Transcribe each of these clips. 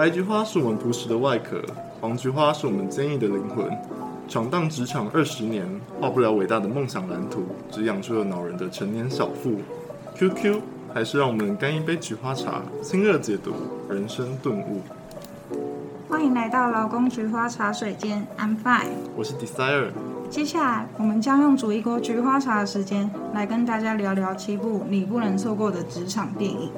白菊花是我們樸實的外殼，黃菊花是我們堅毅的靈魂。闖蕩職場二十年，畫不了偉大的夢想藍圖，只養出了惱人的成年小腹。QQ，還是讓我們乾一杯菊花茶，清熱解毒，人生頓悟。歡迎來到勞工菊花茶水間，I'm fine，我是 Desire。接下來，我們將用煮一鍋菊花茶的時間，來跟大家聊聊七部你不能錯過的職場電影。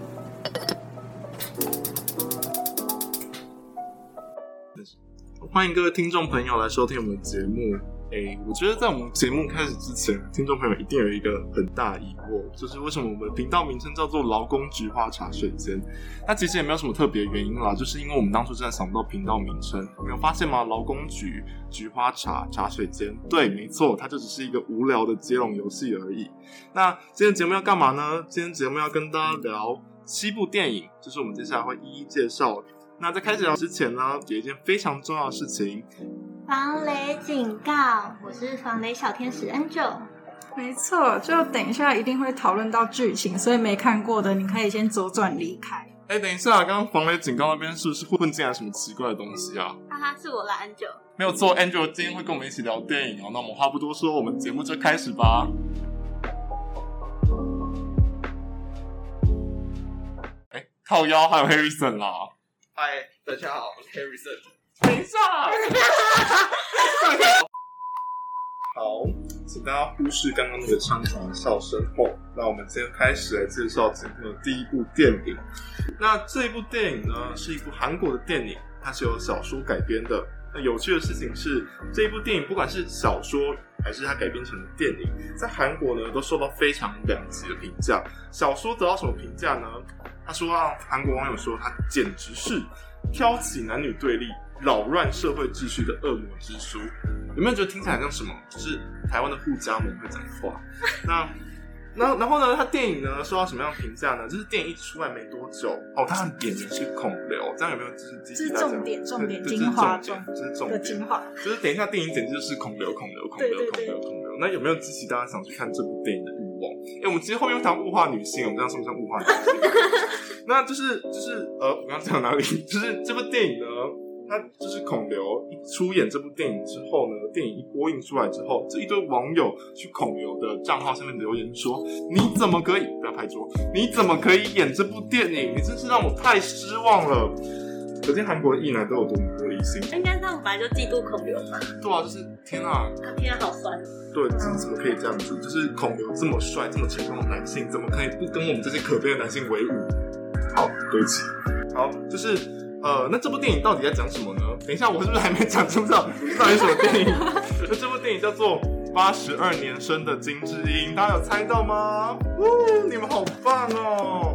歡迎各位聽眾朋友來收聽我們的節目。欸，我覺得在我們節目開始之前，聽眾朋友一定有一個很大的疑惑，就是為什麼我們的頻道名稱叫做“勞工菊花茶水間”？那其實也沒有什麼特別的原因啦，就是因為我們當初真的想不到頻道名稱。有沒有發現嗎？勞工菊、菊花茶、茶水間。對，沒錯，它就只是一個無聊的接龍遊戲而已。那今天節目要幹嘛呢？今天節目要跟大家聊七部電影，就是我們接下來會一一介紹。那在開始聊之前呢，有一件非常重要的事情。防雷警告，我是防雷小天使 Angel。沒錯，就等一下一定會討論到劇情，所以沒看過的你可以先左轉離開。哎，等一下、啊，剛剛防雷警告那邊是不是混進來什麼奇怪的東西啊？哈哈，是我啦，Angel。沒有錯，Angel 今天會跟我們一起聊電影哦。那我們話不多說，我們節目就開始吧。哎，靠腰還有 Harrison 啦、啊。嗨，大家好，我是 Harry 森。等一下沒錯。 好，請大家忽視剛剛那個猖狂的笑聲後，那我們先開始來介紹今天的第一部電影。那這一部電影呢，是一部韓國的電影，它是由小說改編的。那有趣的事情是，這一部電影不管是小說還是它改編成的電影，在韓國呢都受到非常兩極的評價。小說得到什麼評價呢？他說啊，韓國網友說他簡直是挑起男女對立、擾亂社會秩序的惡魔之書。有沒有覺得聽起來像什麼？嗯就是台灣的護家盟會講話？ 那,那然後呢？他電影呢受到什麼樣的評價呢？就是電影一出來沒多久，哦，他點名是孔劉。這樣有沒有？就是,大家是重點，重點,是重點重就是重點的精華就是等一下電影簡直就是孔劉，孔劉，孔劉，對對對對孔劉，孔劉。那有沒有激起大家想去看這部電影欸、我們其實後面有談物化女性，我們這樣不知道算不算物化女性。那就是，就是呃，我們要講到哪裡？就是這部電影呢，它就是孔劉一出演這部電影之後呢，電影一播映出來之後，這一堆網友去孔劉的賬號上面留言說：“你怎麼可以不要拍桌？你怎麼可以演這部電影？你真是讓我太失望了。”可見韓國藝男都有多麼玻璃心，應該這樣本來就嫉妒孔劉吧？對啊，就是天啊，他、啊、天的、啊、好帥。對，怎麼、啊、怎麼可以這樣子？就是孔劉這麼帥、這麼成功的男性，怎麼可以不跟我們這些可悲的男性為伍？好，對不起。好，就是呃，那這部電影到底在講什麼呢？等一下，我是不是還沒講這部電影到底什麼電影？ 那這部電影叫做《八十二年生的金智英》，大家有猜到嗎？哦，你們好棒哦。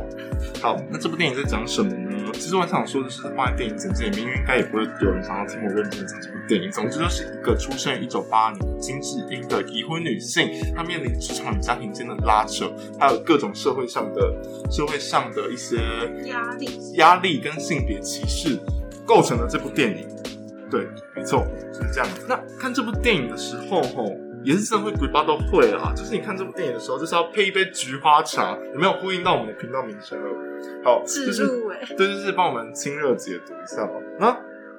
好，那這部電影在講什麼呢？嗯，其實我想說的是，放在電影簡介裡面應該也不會有人想要聽我認真講這部電影。總之就是一個出生於一九八二年金智英的已婚女性，她面臨職場與家庭間的拉扯，還有各種社會上的社會上的一些壓力、壓力跟性別歧視，構成了這部電影。對，沒錯，是這樣子。那看這部電影的時候，吼。也是真的，會鬼八都會啊！就是你看這部電影的時候，就是要配一杯菊花茶。有沒有呼應到我們的頻道名稱？好，就是對對對，幫我們清熱解毒一下吧。那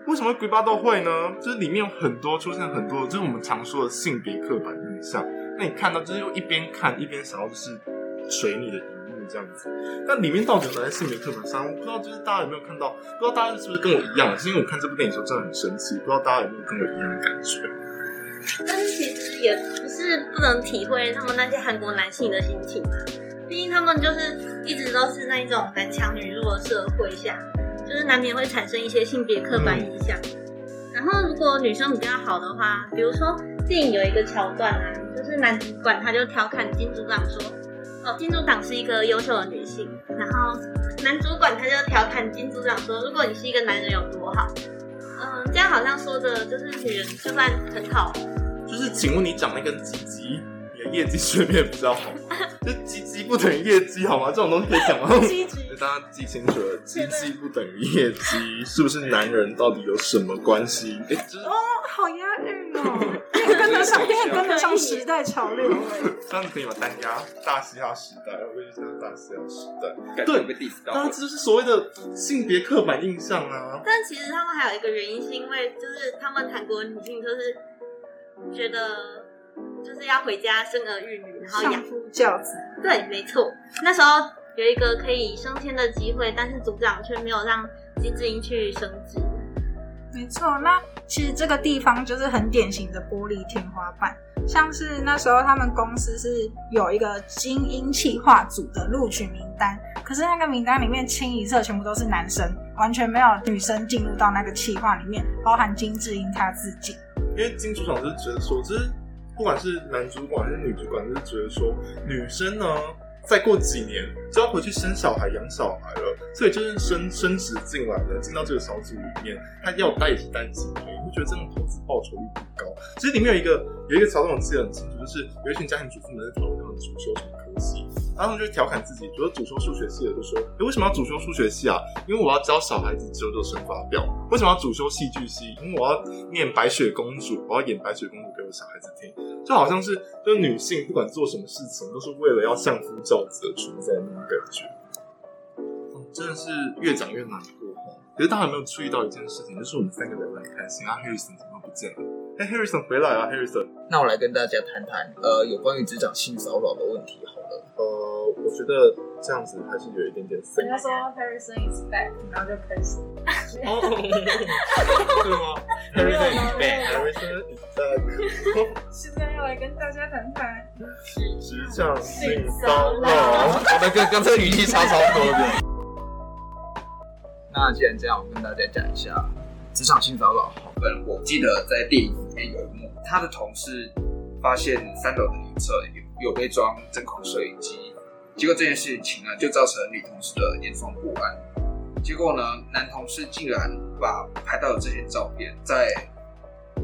為什麼會鬼八都會呢？就是裡面有很多出現很多，就是我們常說的性別刻板印象。那你看到就是又一邊看一邊想要就是捶你的熒幕這樣子。但裡面到底有哪些性別刻板上？我不知道，就是大家有沒有看到？不知道大家是不是跟我一樣？是因為我看這部電影的時候真的很神奇，不知道大家有沒有跟我一樣的感覺？但是其實也不是不能體會他們那些韓國男性的心情嘛，畢竟他們就是一直都是那種男強女弱的社會下，就是難免會產生一些性別刻板印象。嗯。然後如果女生比較好的話，比如說電影有一個橋段啊，就是男主管他就調侃金組長說，哦，金組長是一個優秀的女性，然後男主管他就調侃金組長說，如果你是一個男人有多好？嗯，這樣好像說的就是女人就算很好。就是請問你長那個雞雞，你的業績水平比較好？ 就雞雞不等於業績，好嗎？這種東西可以講嗎？欸？大家記清楚了，了雞雞不等於業績，是不是男人到底有什麼關係？欸？就是哦、喔，好押韻哦，跟得上，跟得上時代潮流。這樣子可以嗎？單押大嘻哈時代，我必須單押大嘻哈時代，對，會被 dis 到。啊，這是所謂的性別刻板印象啊。但其實他們還有一個原因，是因為就是他們韓國女性就是。覺得就是要回家生兒育女，然後相夫教子。對，沒錯。那時候有一個可以升遷的機會，但是組長卻沒有讓金智英去升職。沒錯，那其實這個地方就是很典型的玻璃天花板。像是那時候他們公司是有一個精英企劃組的錄取名單，可是那個名單裡面清一色全部都是男生，完全沒有女生進入到那個企劃裡面，包含金智英她自己。因為金主管就是覺得說，就是不管是男主管還是女主管，就是覺得說女生呢，再過幾年就要回去生小孩、養小孩了，所以就是升升職進來的，進到這個小組裡面，他要待也是待幾年，會覺得這種投資報酬率不高。其實裡面有一個有一個橋段，我記得很清楚，就是有一群家庭主婦們在討論他們什麼時候，麼時候麼科技。然後就調侃自己，比如說主修數學系的就說：“誒，為什麼要主修數學系啊？因為我要教小孩子做乘法表。”為什麼要主修戲劇系？因為我要念白雪公主，我要演白雪公主給我小孩子聽。就好像是，對女性不管做什麼事情，都是為了要相夫教子的存在那個感覺。真的是越講越難過哈。可是大家有沒有注意到一件事情，就是我們三個人很開心，啊 Harrison 怎麼不見了？誒 Harrison 回來啊！Harrison，那我來跟大家談談，呃，有關於職場性騷擾的問題哈、啊。我覺得這樣子還是有一點點。人家說 Harrison is back，然後就開始。是嗎？Harrison is back。Harrison is back。 現在要來跟大家談談職場性騷擾。這 oh, 我們剛剛才語氣差差不多的。 那既然這樣，我跟大家講一下職場性騷擾。可能我記得在電影裡面有一幕，他的同事發現三樓的女廁有有被裝針孔攝影機。 結果這件事情呢，就造成了女同事的嚴重不安。結果呢，男同事竟然把拍到的這些照片在，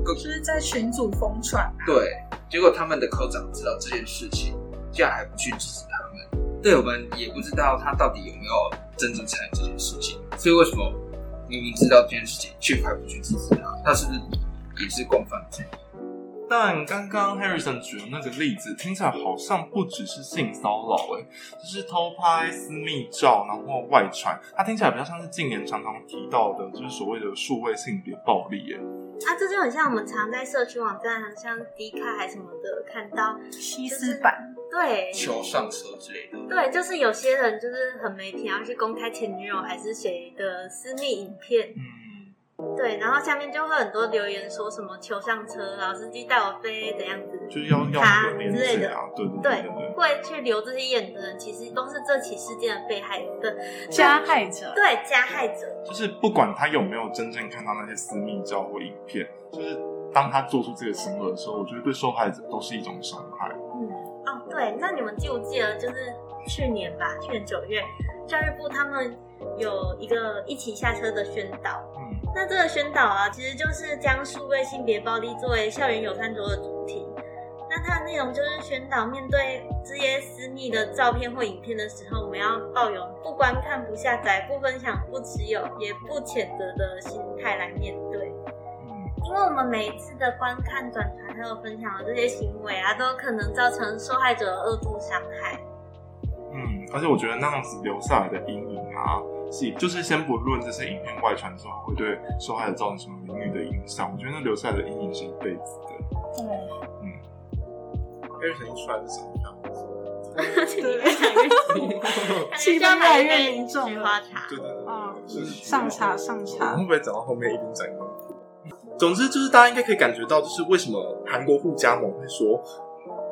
就是在群組瘋傳啊。對，結果他們的科長知道這件事情，竟然還不去制止他們。對我們也不知道他到底有沒有真正參與這件事情。所以為什麼明明知道這件事情，卻還不去制止他？他是不是也是共犯者？但剛剛 Harrison 舉的那個例子聽起來好像不只是性騷擾哎，就是偷拍私密照然後外傳，它聽起來比較像是近年常常提到的，就是所謂的數位性別暴力哎、欸。啊，這就很像我們常在社區網站，像 d 卡還什麼的看到吸絲版，對，求上車之類的。對，就是有些人就是很沒品，要去公開前女友還是誰的私密影片，嗯。對，然後下面就會很多留言說什麼“求上車”，“老司機帶我飛”的樣子，就是要要免費的連啊，的對，對，對，對，對對對，會去留這些言的人，其實都是這起事件的被害者。加害者，對，對，對加害者、就是。就是不管他有沒有真正看到那些私密照或影片，就是當他做出這個行為的時候，嗯、我覺得對受害者都是一種傷害。嗯，哦，對，那你們記不記得就是去年吧，去年九月，教育部他們有一個一起下車的宣導。那這個宣導啊，其實就是將數位性別暴力作為校園有餐桌的主題。那它的內容就是宣導，面對這些私密的照片或影片的時候，我們要抱有不觀看、不下載、不分享、不持有、也不譴責的心態來面對。嗯，因為我們每一次的觀看、轉傳還有分享的這些行為啊，都可能造成受害者的二度傷害。嗯，而且我覺得那樣子留下來的陰影啊。就是先不論這些影片外傳之後會對受害者造成什麼名譽的影響，我覺得那留下來的陰影是一輩子的。對，嗯。跟誰傳什麼？對， 七分百越民眾菊花茶。對對對，上、哦、茶上茶。上茶我會不會走到後面一邊講功，總之就是大家應該可以感覺到，就是為什麼韓國互加盟會說。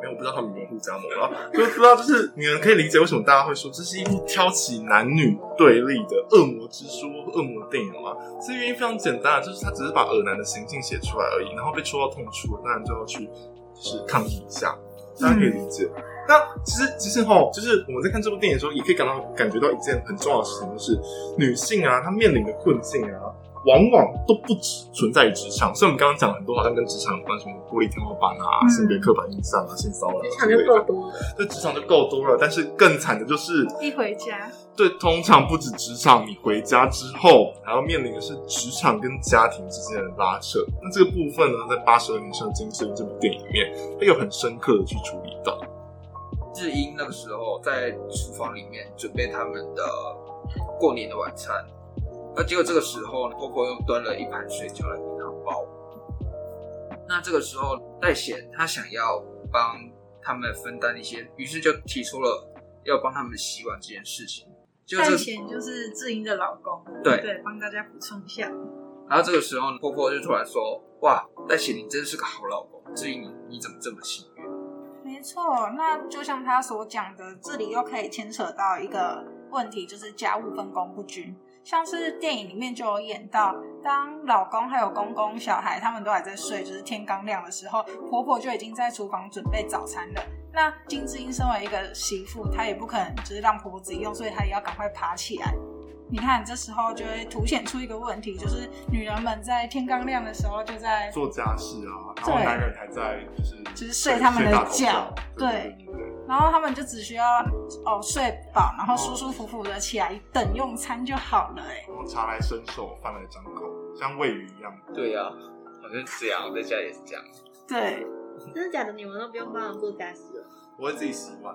沒、欸、有不知道他們迷糊，加盟然後就不知道，就是你們可以理解為什麼大家會說這是一部挑起男女對立的惡魔之書、惡魔的電影嗎？其實原因非常簡單啊，就是他只是把惡男的行徑寫出來而已，然後被戳到痛處，當然就要去就是抗議一下，大家可以理解。嗯、那其實其實哈，就是我們在看這部電影的時候，也可以感到感覺到一件很重要的事情，就是女性啊，她面臨的困境啊。往往都不止存在於職場，所以我們剛剛講了很多、啊，好像跟職場有關，什麼玻璃天花板啊，性別刻板印象啊，性騷擾，職、嗯、場就夠多了，對，職場就夠多了。但是更慘的就是一回家，對，通常不止職場，你回家之後還要面臨的是職場跟家庭之間的拉扯。那這個部分呢，在《82年生的金智英》這部電影裡面，他又很深刻的去處理到智英那個時候在廚房裡面準備他們的過年的晚餐。而結果這個時候呢，婆婆又端了一盤水餃來給他包。那這個時候，代賢他想要幫他們分擔一些，於是就提出了要幫他們洗碗這件事情。代賢就是智英的老公，對，對，幫大家補充一下。然後這個時候呢，婆婆就突然說：“哇，代賢你真是個好老公，智英你你怎麼這麼幸運？”沒錯，那就像他所講的，這裡又可以牽扯到一個問題，就是家務分工不均。像是電影裡面就有演到，當老公還有公公、小孩他們都還在睡，就是天剛亮的時候，婆婆就已經在廚房準備早餐了。那金智英身為一個媳婦，她也不可能就是讓婆婆自己用，所以她也要趕快爬起來。你看，這時候就會凸顯出一個問題，就是女人們在天剛亮的時候就在做家事啊，然後男人還在就是就是睡他們的覺，對。然後他們就只需要哦睡飽，然後舒舒服服的起來等用餐就好了哎、欸。然後茶來伸手，飯來張口，像餵魚一樣。對呀、啊，好像這樣，我在家也是這樣。對，真 的假的？你們都不用幫我做家事了？我會自己洗碗。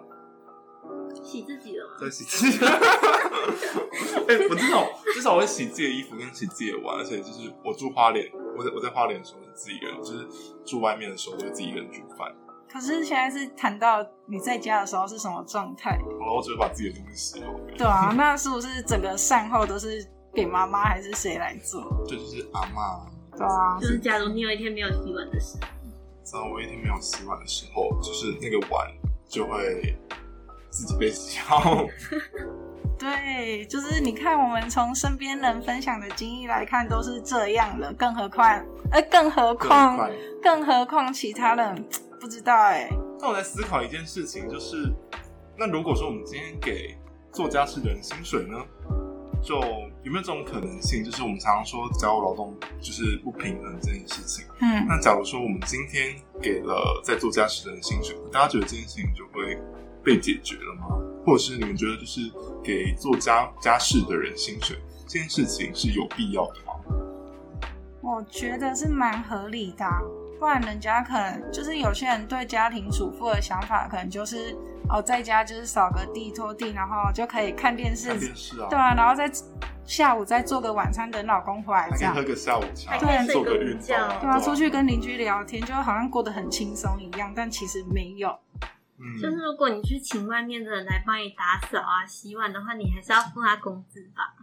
嗯，洗自己的嗎？在洗自己。哎、 欸，我至少至少我會洗自己的衣服，跟洗自己的碗，而且就是我住花蓮，我在我在花蓮的時候是自己人，就是住外面的時候就自己一個人煮飯可是現在是談到你在家的時候是什麼狀態？好了，我只會把自己的東西洗好。對啊，那是不是整個善後都是給媽媽還是誰來做？這就是阿媽。對啊，就是假如你有一天沒有洗碗的時候，當我一天沒有洗碗的時候，就是那個碗就會自己被洗。對，就是你看，我們從身邊人分享的經歷來看，都是這樣的。更何況，哎，更何況，更何況，其他人。不知道欸。那我在思考一件事情，就是，那如果說我們今天給做家事的人薪水呢，就有沒有這種可能性？就是我們常常說家務勞動就是不平衡這件事情。嗯，那假如說我們今天給了在做家事的人薪水，大家覺得這件事情就會被解決了嗎？或者是你們覺得就是給做家家事的人薪水這件事情是有必要的？我覺得是蠻合理的，啊，不然人家可能就是有些人對家庭主婦的想法，可能就是哦，在家就是掃個地、拖地，然後就可以看電視。看電視啊？對啊，然後在、嗯、下午再做個晚餐，等老公回來這樣。喝個下午茶，對，做個瑜伽、啊對、啊、對啊，出去跟鄰居聊天，就好像過得很輕鬆一樣，但其實沒有。嗯，就是如果你去請外面的人來幫你打掃啊、洗碗的話，你還是要付他工資吧。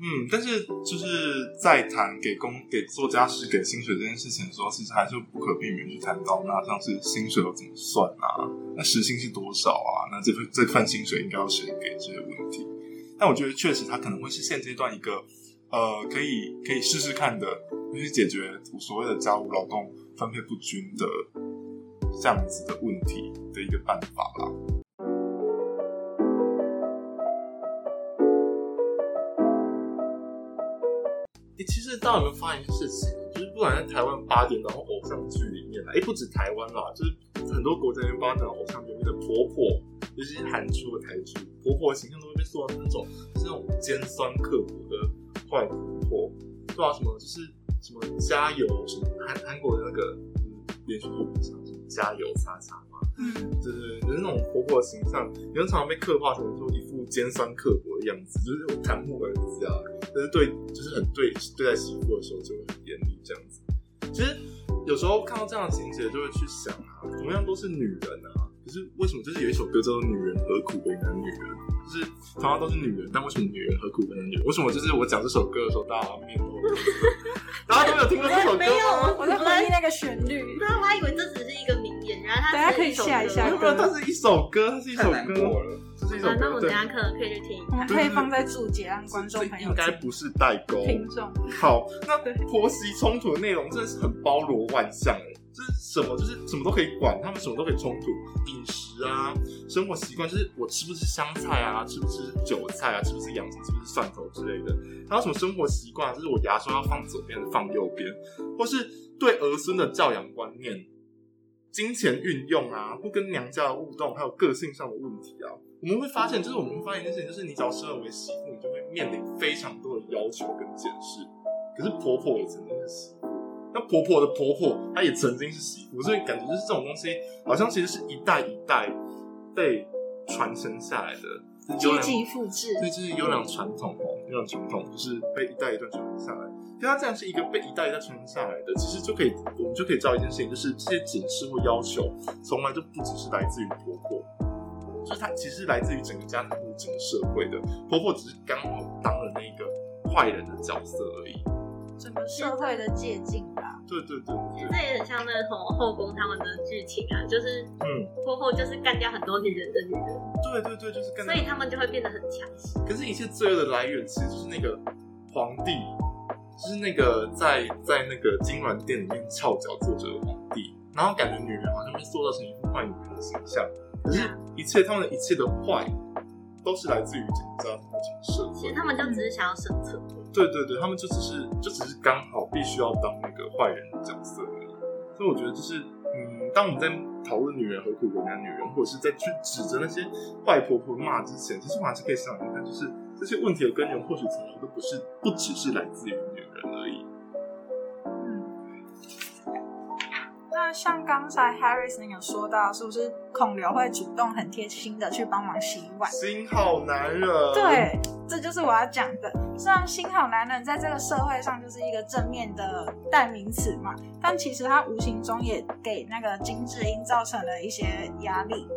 嗯，但是就是在談給工給做家事給薪水這件事情的時候，其實還是不可避免去談到那、啊、像是薪水要怎麼算啊，那時薪是多少啊，那這這份薪水應該要誰給，這些問題？但我覺得確實它可能會是現階段一個呃可以可以試試看的，去、就是、解決所謂的家務勞動分配不均的這樣子的問題的一個辦法啦。就是大家有沒有發現一件事情？就是不管在台灣八點檔偶像劇裡面呢，哎、欸，不止台灣啦，就是很多國家裡面發展偶像劇裡面的婆婆，尤其是韓劇和台劇，婆婆的形象都會被塑造成那種，就是那種尖酸刻薄的壞婆婆，做到什麼就是什麼加油，什麼？韓韓國的那個嗯連續劇叫什麼加油叉叉嘛，嗯，就是加油擦擦擦 就是那種婆婆的形象，有時候常常被刻畫成一副。尖酸刻薄的樣子，就是袒護兒子啊，就是對，就是很對對待媳婦的時候就很嚴厲這樣子。其實有時候看到這樣的情節，就會去想啊，同樣都是女人啊，可是、就是為什麼就是有一首歌叫做《女人何苦為難女人》，就是同樣都是女人，但為什麼女人何苦為難女人？為什麼就是我講這首歌的時候大家沒面紅？ 大家都沒有聽過這首歌？ 啊、沒有，我在回憶那個旋律。啊、我那律我，我還以為這只是一個名言、啊，然後大家可以下一下歌。沒有，沒有，它是一首歌，它是一首歌。嗯、那我等一下可可以去聽，我們可以放在注解讓觀眾朋友。應該不是代溝。聽眾。好，那婆媳衝突的內容真的是很包羅萬象誒，就是什麼就是什麼都可以管，他們什麼都可以衝突，飲食啊，生活習慣，就是我吃不吃香菜啊、嗯，吃不吃韭菜啊，吃不吃洋蔥、啊，吃不吃蒜頭之類的。還有什麼生活習慣，就是我牙刷要放左邊放右邊、嗯，或是對兒孫的教養觀念。金錢運用啊，不跟娘家的互動，還有個性上的問題啊，我們會發現，就是我們會發現一件事情，就是你只要身為媳婦，你就會面臨非常多的要求跟檢視。可是婆婆也曾經是媳婦，那婆婆的婆婆，她也曾經是媳婦。所以感覺就是這種東西，好像其實是一代一代被傳承下來的，就近複製，所以這是優良傳統哦，優良傳統就是被一代一代傳承下來的。因為它其實這樣是一個被一代一代傳承下來的，其實就可以，我們就可以知道一件事情，就是這些警示或要求，從來就不只是來自於婆婆，就是它其實來自於整個家庭，整個社會的，婆婆只是剛好當了那個壞人的角色而已。整個社會的界鑑吧？對對對，對，對。其實那也很像那種後宮他們的劇情啊，就是嗯，婆婆就是幹掉很多女人的女人。嗯、對對對，就是幹，所以他們就會變得很強勢。可是，一切罪惡的來源其實就是那個皇帝。就是那個在在那個金鑾殿裡面翹腳坐着的皇帝，然後感覺女人好像被塑造成一副壞女人的形象。可是，一切他們的一切的壞，都是來自於整個家庭的怎麼設計。其實他們就只是想要生存。對對對，他們就只是就只是剛好必須要當那個壞人的角色的。所以我覺得就是，嗯，當我們在討論女人何苦為難女人，或者是在去指責那些壞婆婆罵之前，其實我還是可以想一想，就是。這些問題的根源或許從來都不是，不只是來自於女人而已。嗯，那像剛才 Harris 你有說到，是不是孔劉會主動很貼心的去幫忙洗碗？新好男人，對，這就是我要講的。雖然新好男人在這個社會上就是一個正面的代名詞嘛，但其實他無形中也給那個金智英造成了一些壓力，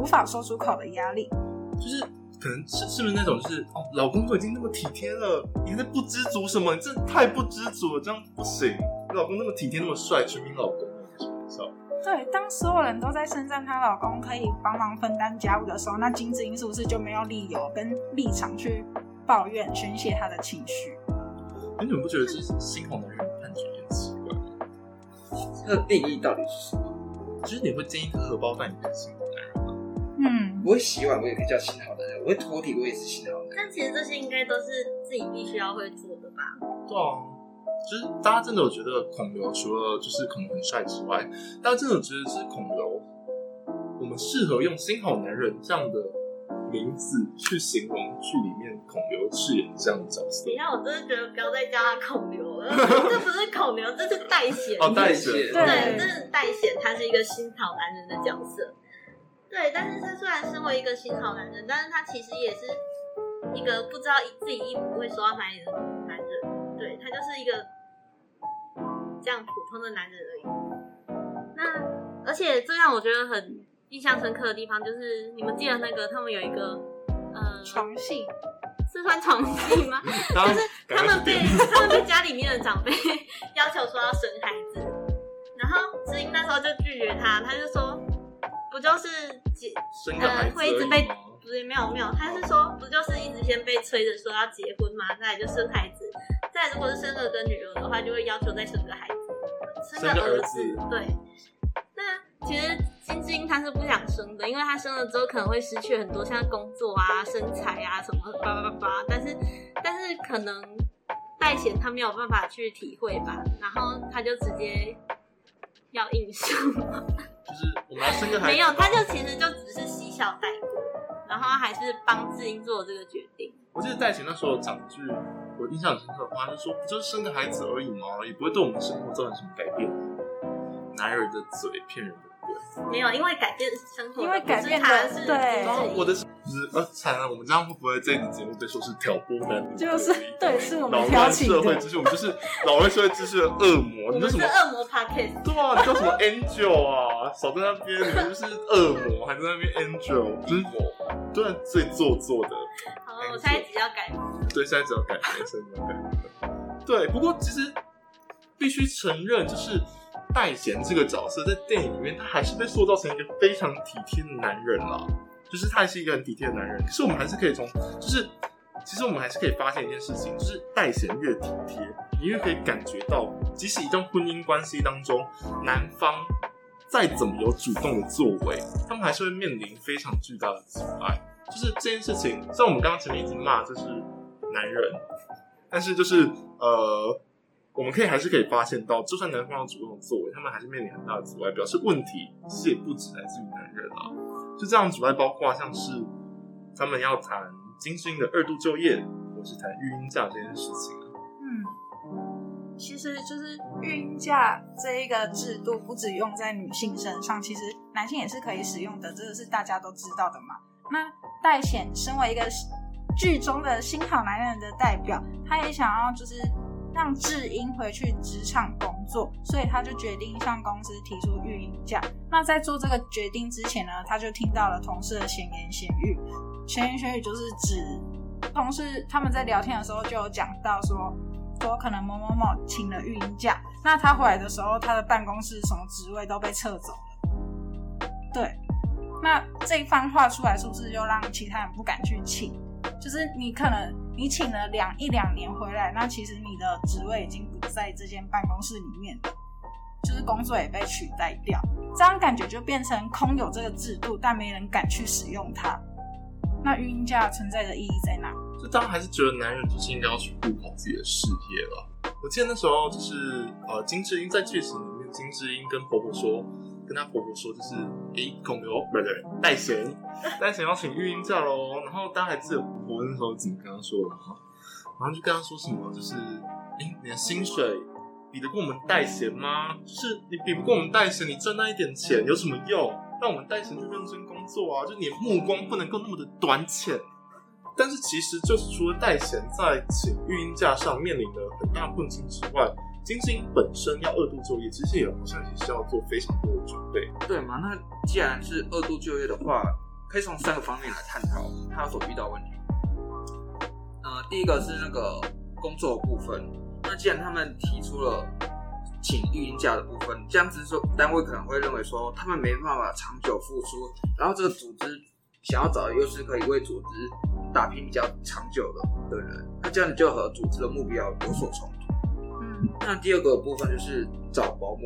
無法說出口的壓力，就是。可能是是不是那種、就是哦，老公都已經那麼體貼了，你還在不知足什麼？你這太不知足了，這樣不行。老公那麼體貼，那麼帥，全民老公。對，當所有人都在稱讚她老公可以幫忙分擔家務的時候，那金智英是不是就沒有理由跟立場去抱怨宣洩他的情緒、嗯嗯？你們不覺得這是新好男人很討奇怪？他、嗯、的定義到底、就是什麼？就是你會煎一顆荷包蛋，的蛋，你叫新好男人嗯，我洗碗，我也可以叫新好男人。我會拖地，我也是其他的。但其實這些應該都是自己必須要會做的吧？對啊，就是大家真的，我覺得孔劉除了就是孔很帥之外，大家真的有覺得是孔劉，我們適合用“新好男人”這樣的名字去形容劇裡面孔劉飾演這樣的角色。等一下，我真的覺得不要再叫他孔劉了， 這不是孔劉，這是代賢。哦，代賢，對，對，這是代賢，他是一個新好男人的角色。對，但是他雖然身為一個新好男人，但是他其實也是一個不知道自己衣服會收到哪裡的男人，對，他就是一個這樣普通的男人而已。那而且最讓我覺得很印象深刻的地方，就是你們記得那個他們有一個呃床戲，四川床戲嗎？當然 就是他們被他們被家裡面的長輩要求說要生孩子， 然後智英那時候就拒絕他，他就說。不就是結、呃，會一直被，不是，沒有沒有，他是說不就是一直先被催着說要結婚嘛，再來就生孩子。再來如果是生了個女兒的話，就會要求再生個孩子，生個兒、兒子。對。那、啊、其實金智英他是不想生的，因為他生了之後可能會失去很多，像工作啊、身材啊什麼，叭叭叭。但是但是可能代賢他沒有辦法去體會吧，然後他就直接，要印象 就是我們要生個孩子， 沒有，他就其實就只是嬉笑帶過，然後還是幫志英做這個決定。我記得在前那時候講句我印象很深刻的話，就說：“不就是生個孩子而已嘛，也不會對我們生活造成什麼改變。”男人的嘴騙人的鬼。 沒有，因為改變生活，因為改變是他是的對然後我的。就是呃，慘、啊、慘了，我們這樣會不會這一集節目被說是挑撥男女就是對，是我們擾亂社會秩序， 我們就是擾亂社會秩序的惡魔。你 說什麼惡魔 Pockets 對啊，你叫什麼 Angel 啊？少在那邊，你 就是惡魔，還在那邊 Angel，就是我，對，最做作的。好，我現在只要改，對，現在只要改, 只要改，對，不過其實必須承認，就是代賢這個角色在電影裡面，他還是被塑造成一個非常體貼的男人了。就是他也是一個很體貼的男人，可是我們還是可以從，就是其實我們還是可以發現一件事情，就是代賢越體貼，你越可以感覺到，即使一段婚姻關係當中，男方再怎麼有主動的作為，他們還是會面臨非常巨大的阻礙。就是這件事情，雖然我們剛剛前面一直罵就是男人，但是就是呃，我們可以還是可以發現到，就算男方有主動的作為，他們還是面臨很大的阻礙，表示問題其實也不止來自於男人啊。就這樣阻礙，包括像是他們要談金智英的二度就業，或是談育嬰假這件事情。嗯，其實就是育嬰假這一個制度，不止用在女性身上，其實男性也是可以使用的，這個是大家都知道的嘛。那代賢身為一個劇中的新好男人的代表，他也想要就是。讓智英回去職場工作，所以他就決定向公司提出育嬰假。那在做這個決定之前呢，他就聽到了同事的閒言閒語。閒言閒語就是指同事他們在聊天的時候就有講到說，說可能某某某請了育嬰假。那他回來的時候，他的辦公室什麼職位都被撤走了。對，那這一番話出來是不是就讓其他人不敢去請？就是你可能你請了兩一兩年回來，那其實你的職位已經不在這間辦公室裡面，就是工作也被取代掉，這樣感覺就變成空有這個制度，但沒人敢去使用它。那育嬰假存在的意義在哪？就當然還是覺得男人只是應該要去顧好自己的事業了。我記得那時候就是呃，金智英在劇情裡面，金智英跟婆婆說。跟他婆婆說，就是哎、欸，孔劉不對，代賢，代賢要請育嬰假嘍。然後大家還記得婆婆那時候怎麼跟他說了。然後就跟他說什麼，就是哎、欸，你的薪水比得過我們代賢嗎？就是你比不過我們代賢，你賺那一點錢有什麼用？讓我們代賢去認真工作啊！就你目光不能夠那麼的短淺。但是其實，就是除了代賢在請育嬰假上面臨的很大困境之外。金星本身要二度就業，其實也好像也是需要做非常多的準備，對嘛？那既然是二度就業的話，可以從三個方面來探討他所遇到問題。呃，第一個是那個工作的部分。那既然他們提出了請育嬰假的部分，這樣子說單位可能會認為說他們沒辦法長久付出，然後這個組織想要找的又是可以為組織打拼比較長久的的人，那這樣你就和組織的目標有所重。那第二個部分就是找保姆。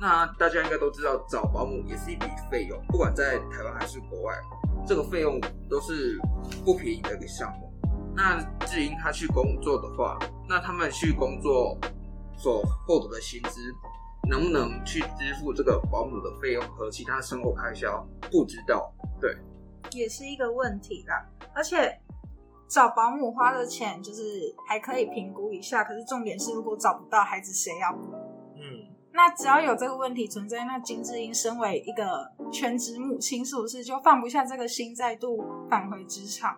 那大家應該都知道，找保姆也是一筆費用，不管在台灣還是國外，這個費用都是不便宜的一個項目。那智英他去工作的話，那他們去工作所獲得的薪資，能不能去支付這個保姆的費用和其他生活開銷？不知道，對，也是一個問題啦。而且。找保姆，花的錢就是還可以評估一下，可是重點是如果找不到孩子誰要？嗯，那只要有這個問題存在，那金智英身為一個全職母親，是不是就放不下這個心，再度返回職場？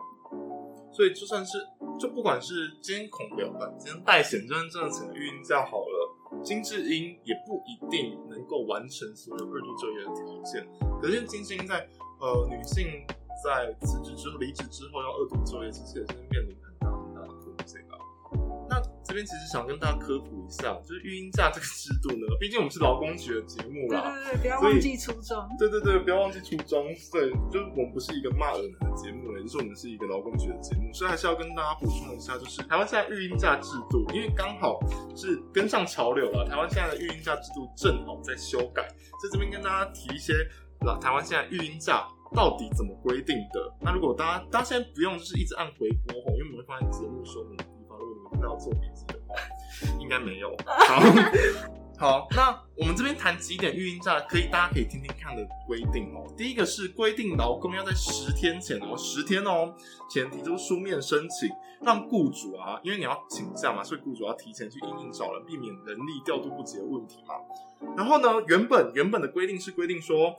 所以就算是就不管是監控表房間、帶險證、子的育嬰假好了，金智英也不一定能夠完成所有二度就業的條件。可是金智英在呃女性，在辭職之後，離職之後要二度就業，其實也是面臨很大很大的困境啊。那這邊其實想跟大家科普一下，就是育嬰假這個制度呢。畢竟我們是勞工局的節目啦，對對，不要忘記初衷。對對對，不要忘記初衷。對，就是我們不是一個罵爾男的節目，也就是我們是一個勞工局的節目，所以還是要跟大家補充一下，就是台灣現在育嬰假制度，因為剛好是跟上潮流啦。台灣現在的育嬰假制度正好在修改，在這邊跟大家提一些，老台灣現在育嬰假。到底怎麼規定的？那如果大家，大家現在不用就是一直按回播哦，因為我們會放在節目說明的地方。如果你們要做筆記的話，應該沒有。好， 好，那我們這邊談幾點育嬰假可以，大家可以聽聽看的規定哦。第一個是規定，勞工要在十天前哦，十天哦，前提就是書面申請，讓雇主啊，因為你要請假嘛，所以雇主要提前去因應找人，避免人力調度不及的問題嘛。然後呢，原本原本的規定是規定說。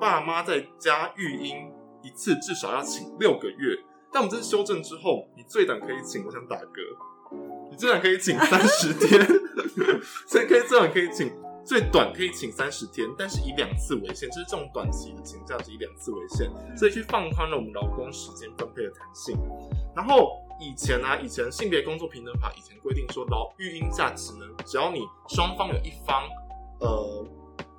爸媽在家育嬰一次至少要請六個月，但我們這次修正之後，你最短可以請我想打嗝，你最短可以請三十天， 所以可以最短可以請最短可以請三十天，但是以兩次為限，就是這種短期的請假以兩次為限，所以去放寬了我們勞工時間分配的彈性。然後以前呢、啊，以前性別工作平等法以前規定說到育嬰假呢，勞育嬰假只能只要你雙方有一方，呃。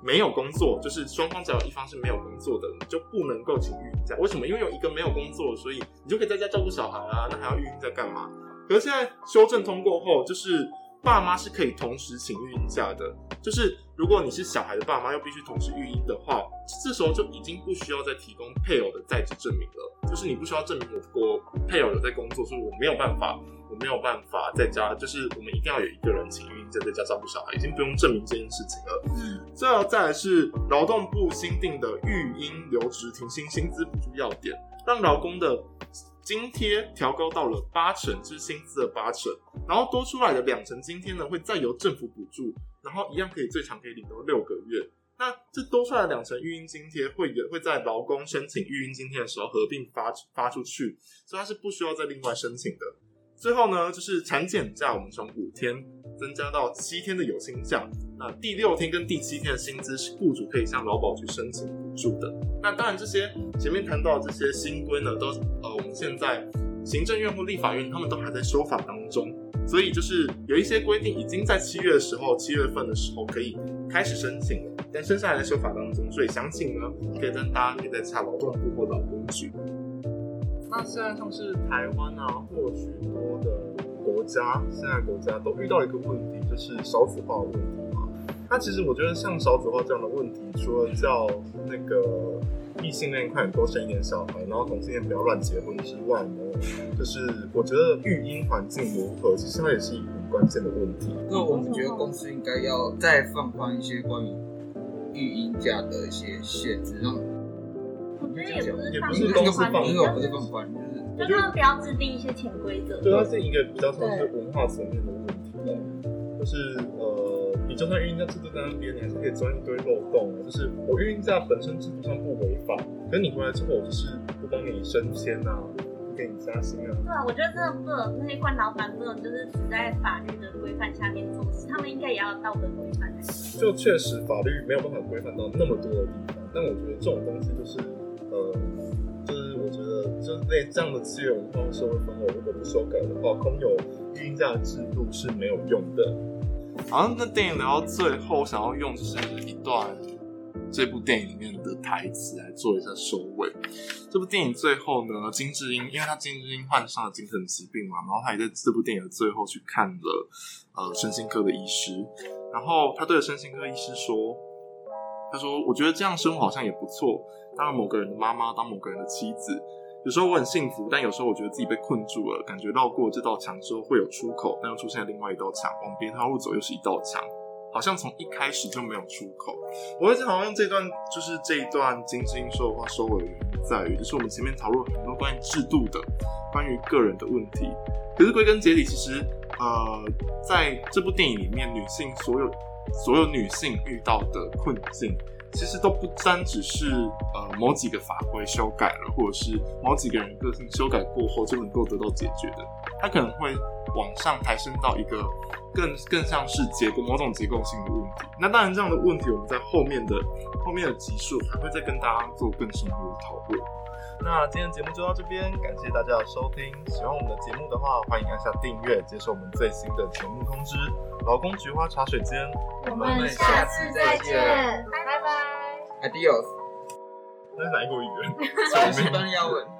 沒有工作，就是雙方只要一方是沒有工作的，你就不能夠請育嬰假。為什麼？因為有一個沒有工作，所以你就可以在家照顧小孩啊。那還要育嬰假幹嘛？可是現在修正通過後，就是。爸媽是可以同時請育嬰假的，就是如果你是小孩的爸媽，又必須同時育嬰的話，這時候就已經不需要再提供配偶的在職證明了，就是你不需要證明我我配偶有在工作，所以我沒有辦法，我沒有辦法在家，就是我們一定要有一個人請育嬰假在家照顧小孩，已經不用證明這件事情了。嗯，最後再來是勞動部新訂的育嬰留職停薪薪資補助要點，讓勞工的，津貼調高到了八成，就是薪資的八成，然後多出來的兩成津貼呢，會再由政府補助，然後一樣可以最長可以領到六個月。那這多出來的兩成育嬰津貼，會也會在勞工申請育嬰津貼的時候合併發發出去，所以它是不需要再另外申請的。最後呢，就是產檢假，我們從五天增加到七天的有薪假。那第六天跟第七天的薪資是雇主可以向勞保局申請補助的。那當然，這些前面談到的這些新規呢，都。現在行政院或立法院他們都還在修法當中，所以就是有一些規定已經在七月的時候、七月份的時候可以開始申請了，但剩下還在修法當中，所以詳情呢，可以跟大家可以再洽勞動部或勞工局。那現在像是台灣啊，或許多的國家，現在國家都遇到一個問題，就是少子化的問題嘛。那其實我覺得像少子化這樣的問題，除了叫那個。異性戀，快點多生一點小孩，然後同性戀不要亂結婚之外呢，就是我覺得育嬰環境如何，其實它也是一個很關鍵的問題。那、嗯嗯嗯、我們覺得公司應該要再放寬一些關於育嬰假的一些限制，讓我覺得也不是公司放寬，因為我不是放寬，就是就是、他們不要制定一些潛規則，對，這是一個比較重視文化層面的。就算育嬰假制度在那邊，你還是可以鑽一堆漏洞。就是我育嬰假本身制度上不違法，可你回來之後，我就是不幫你升遷啊，不給你加薪啊。對啊，我覺得這的不那些慣老闆，那,個、那就是只在法律的規範下面做事，他們應該也要道德規範。就確實法律沒有辦法規範到那麼多的地方，但我覺得這種東西就是，呃、嗯，就是我覺得就是那這樣的資源文化社會氛圍如果不修改的話，空有育嬰假制度是沒有用的。好，那電影聊到最後，想要用就是一段這部電影裡面的台詞來做一下收尾。這部電影最後呢，金智英，因為她金智英患上了精神疾病嘛，然後她也在這部電影的最後去看了呃身心科的醫師，然後她對著身心科醫師說，她說我覺得這樣生活好像也不錯，當某個人的媽媽，當某個人的妻子。有時候我很幸福，但有時候我覺得自己被困住了。感覺繞過這道牆之後會有出口，但又出現另外一道牆，往別條路走又是一道牆，好像從一開始就沒有出口。我覺得好像用這段，就是這一段金星說的話，收尾的原因在於，就是我們前面討論很多關於制度的、關於個人的問題。可是歸根結底，其實呃，在這部電影裡面，女性所有所有女性遇到的困境。其實都不單只是呃某幾個法規修改了，或者是某幾個人個性修改過後就能夠得到解決的，它可能會往上抬升到一個更更像是結構某種結構性的問題。那當然這樣的問題我們在後面的後面的集數還會再跟大家做更深入的討論。那今天的節目就到這邊，感謝大家的收聽。喜歡我們的節目的話，歡迎按下訂閱，接收我們最新的節目通知。老公菊花茶水間，我們下次再見，拜拜。a d i o s 那是哪一種魚？哈哈哈，沒辦法。